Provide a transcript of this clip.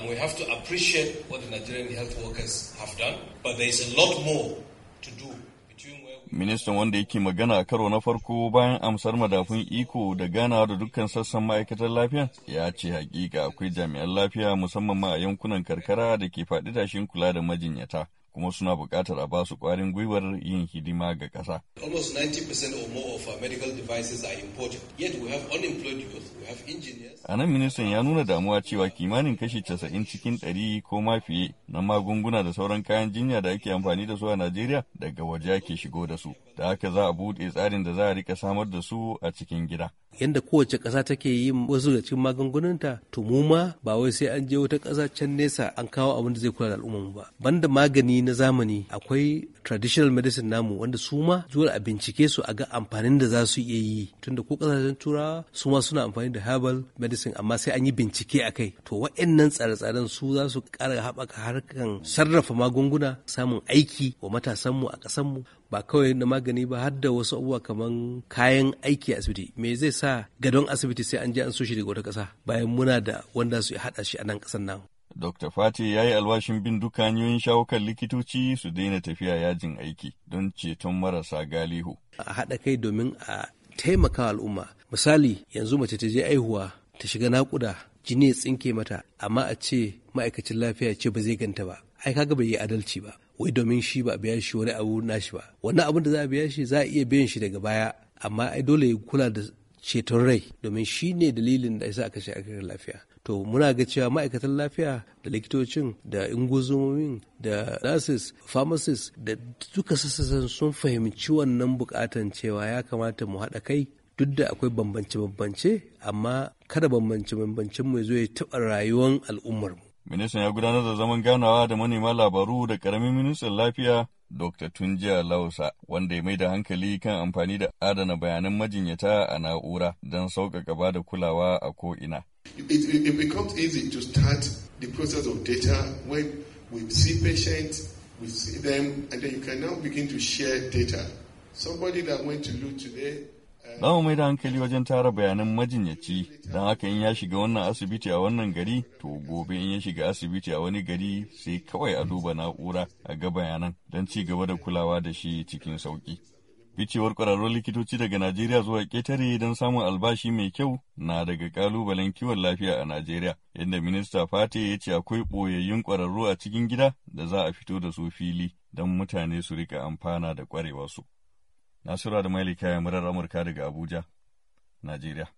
And we have to appreciate what the Nigerian health workers have done. But there is a lot more to do. Ministan wanda yake magana a karo na farko bayan amsar madafun iko da ganawa da dukkan sassan ma'aikatar lafiya ya ce hakika akwai jami'an lafiya musamman ma a yankunan karkara da ke faɗi tashin kula da majinyata. kuma suna buƙatar a ba su ƙwarin gwiwar yin hidima ga ƙasa. A nan ministan ya nuna damuwa cewa kimanin kashi casa'in cikin 100 ko mafiye na magunguna da sauran kayan jinya da ake amfani da su a Najeriya daga waje ake shigo da su. Da haka za a buɗe tsarin da za a rika samar da su a cikin gida. yadda kowace ƙasa take yin wasu da cikin magungunanta to mu ma ba wai sai an je wata ƙasa can nesa an kawo abin da zai kula da al'umma ba banda magani na zamani akwai traditional medicine namu wanda su ma zuwa a bincike su a ga amfanin da za su iya yi tunda ko ƙasashen turawa su ma suna amfani da herbal medicine amma sai an yi bincike a kai to wa'annan tsare-tsaren su za su ƙara haɓaka harkan sarrafa magunguna samun aiki wa matasanmu a ƙasanmu ba kawai na magani ba har da wasu abubuwa kamar kayan aiki a asibiti me zai sa gadon asibiti sai an je an so shi daga wata ƙasa bayan muna da wanda su haɗa shi a nan ƙasar nan. Dr. Fati ya yi alwashin bin duk hanyoyin shawo likitoci su daina tafiya yajin aiki don ceton marasa galihu. A haɗa kai domin a taimaka al'umma. Misali yanzu mace ta je aihuwa ta shiga naƙuda jini ya tsinke mata amma a ce ma'aikacin lafiya ce ba zai ganta ba ai kaga bai yi adalci ba wai domin shi ba a biya shi wani abu nashi ba wannan abin da za a biya shi za a iya biyan shi daga baya amma ai dole ya kula da ceton rai domin shi ne dalilin da yasa aka shiga aka lafiya to muna ga cewa ma'aikatan lafiya da likitocin da ingozomomin da nurses pharmacists da duka sassan sun fahimci wannan bukatan cewa ya kamata mu haɗa kai duk da akwai bambance-bambance amma kada bambance-bambancen mai ya ya taɓa rayuwar al'ummarmu Ministan ya gudanar da zaman ganawa da manema labaru da ƙaramin ministan lafiya Dr. Tunjiya Lausa, wanda ya mai da hankali kan amfani da adana bayanan majinyata a na'ura don sauƙaƙa ba da kulawa a ko'ina. It, becomes easy to start the process of data when we see patients, we see them, and then you can now begin to share data. Somebody that went to loot today Za mai da hankali wajen tara bayanan majinyaci don haka in ya shiga wannan asibiti a wannan gari to gobe in ya shiga asibiti a wani gari sai kawai a duba na'ura a ga bayanan don ci gaba da kulawa da shi cikin sauki. Ficewar kwararrun likitoci daga Najeriya zuwa ƙetare don samun albashi mai kyau na daga ƙalubalen kiwon lafiya a Najeriya, inda Minista Fate ya ce akwai ɓoyayyun kwararru a cikin gida da za a fito da su fili don mutane su rika amfana da su. Nasura da Malika ya Amurka daga Abuja, Najeriya.